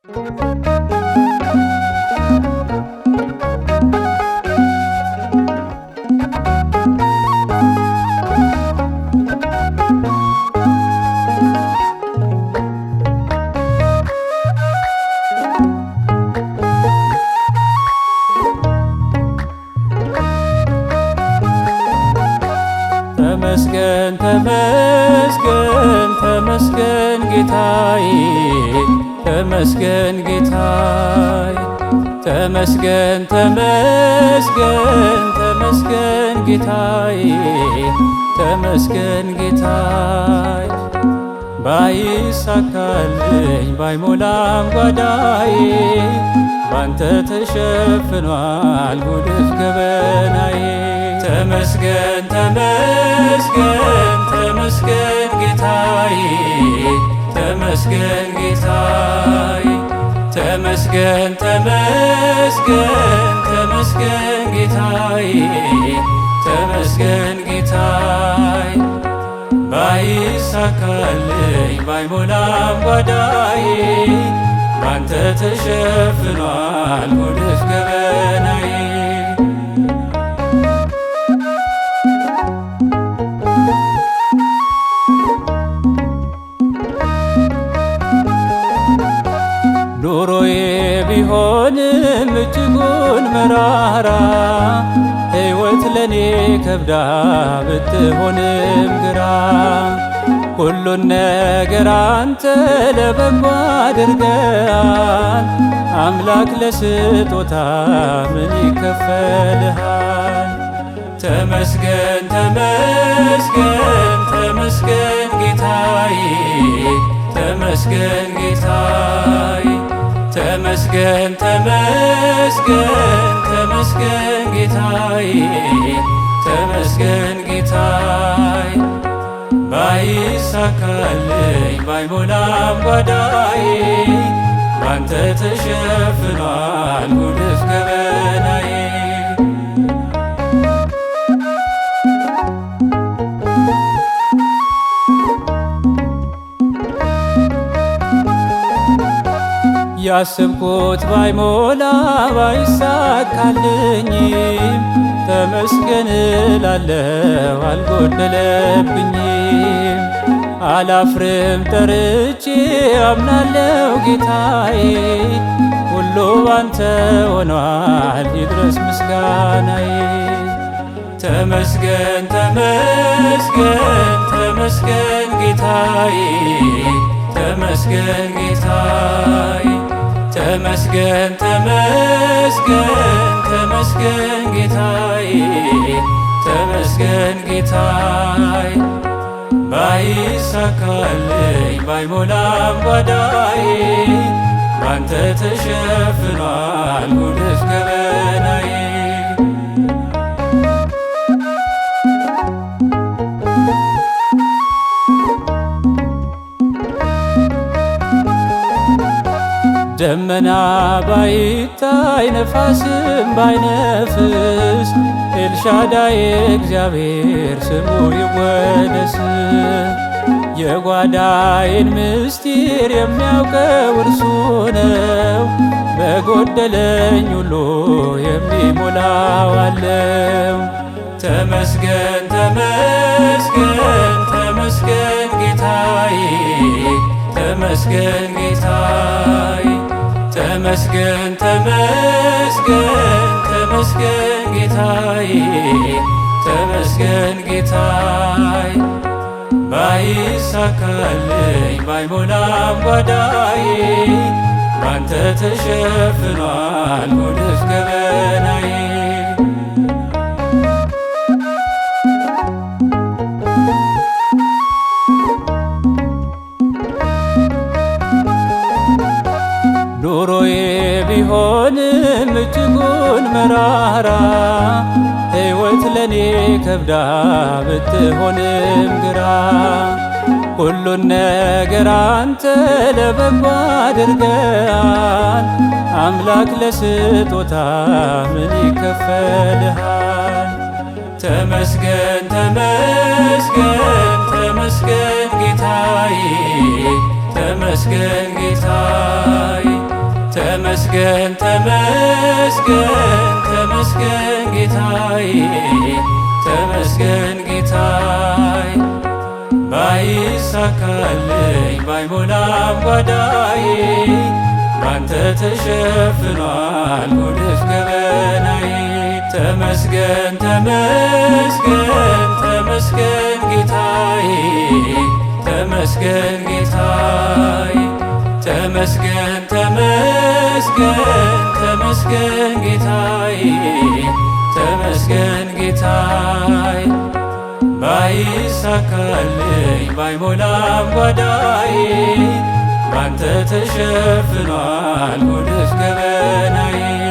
ተመስገን ተመስገን ተመስገን ጌታዬ ተመስገን ጌታይ ተመስገን ተመስገን ተመስገን ጌታይ ተመስገን ጌታይ ባይሳካልኝ ባይሞላም ጓዳዬ ባንተ ተሸፍኗል ጉድፍ ገበናዬ ተመስገን ተመስገን ተመስገን ጌታዬ ተመስገን ጌታይ ተመስገን ተመስገን ተመስገን ጌታይ ተመስገን ጌታይ ባይሳካልኝ ባይሞላም ጓዳይ ባንተ ተሸፍኗል ጉድፍ ገበናዬ እጅጉን መራራ ሕይወት ለኔ ከብዳ ብትሆንም ግራ ሁሉን ነገር አንተ ለበጎ አድርገሃል። አምላክ ለስጦታ ምን ይከፈልሃል? ተመስገን ተመስገን ተመስገን ጌታዬ ተመስገን ጌታዬ ተመስገን ተመስ ተመስገን ተመስገን ጌታይ ተመስገን ጌታይ ባይሳካልኝ ባይሞላም ጓዳዬ ባንተ ተሸፍኗል ጉድፍ ገበናዬ ያሰብኩት ባይሞላ ባይሳካልኝም ተመስገን እላለሁ አልጎደለብኝም። አላፍርም ጠርቼ አምናለው ጌታዬ ሁሉ ባንተ ሆኗል ይድረስ ምስጋናዬ። ተመስገን ተመስገን ተመስገን ጌታዬ ተመስገን ተመስገን ተመስገን ተመስገን ጌታዬ ተመስገን ጌታዬ ባይሳካልኝ ባይሞላም ጓዳዬ ባንተ ተሸፍኗል ደመና ባይታይ ነፋስም ባይነፍስ ኤልሻዳይ እግዚአብሔር ስሙ ይወደስ። የጓዳዬን ምስጢር የሚያውቀው እርሱ ነው። በጎደለኝ ሁሉ የሚሞላዋለው ተመስገን ተመስገን ተመስገን ጌታዬ ተመስገን ተመስገን ተመስገን ተመስገን ጌታዬ ተመስገን ጌታዬ ባይሳካልኝ ባይሞላም ጓዳዬ ባንተ ተሸፍኗል ጉድፍ ገበናዬ ኑሮዬ ቢሆንም እጅጉን መራራ ሕይወት ለኔ ከብዳ ብትሆንም ግራ ሁሉን ነገር አንተ ለበጎ አድርገሃል። አምላክ ለስጦታ ምን ይከፈልሃል? ተመስገን ተመስገን ተመስገን ጌታዬ ተመስገን ተመስገን ተመስገን ተመስገን ጌታይ ተመስገን ጌታይ ባይሳካልኝ ባይሞላም ጓዳዬ ባንተ ተሸፍኗል ጉድፍ ገበናዬ ተመስገን ተመስገን ተመስገን ጌታይ ተመስገን ጌታይ ተመስገን ተመስገን ተመስገን ጌታይ ተመስገን ጌታይ ባይሳካልኝ ባይሞላም ጓዳይ ባንተ ተሸፍኗል ጉድፍ ገበናይ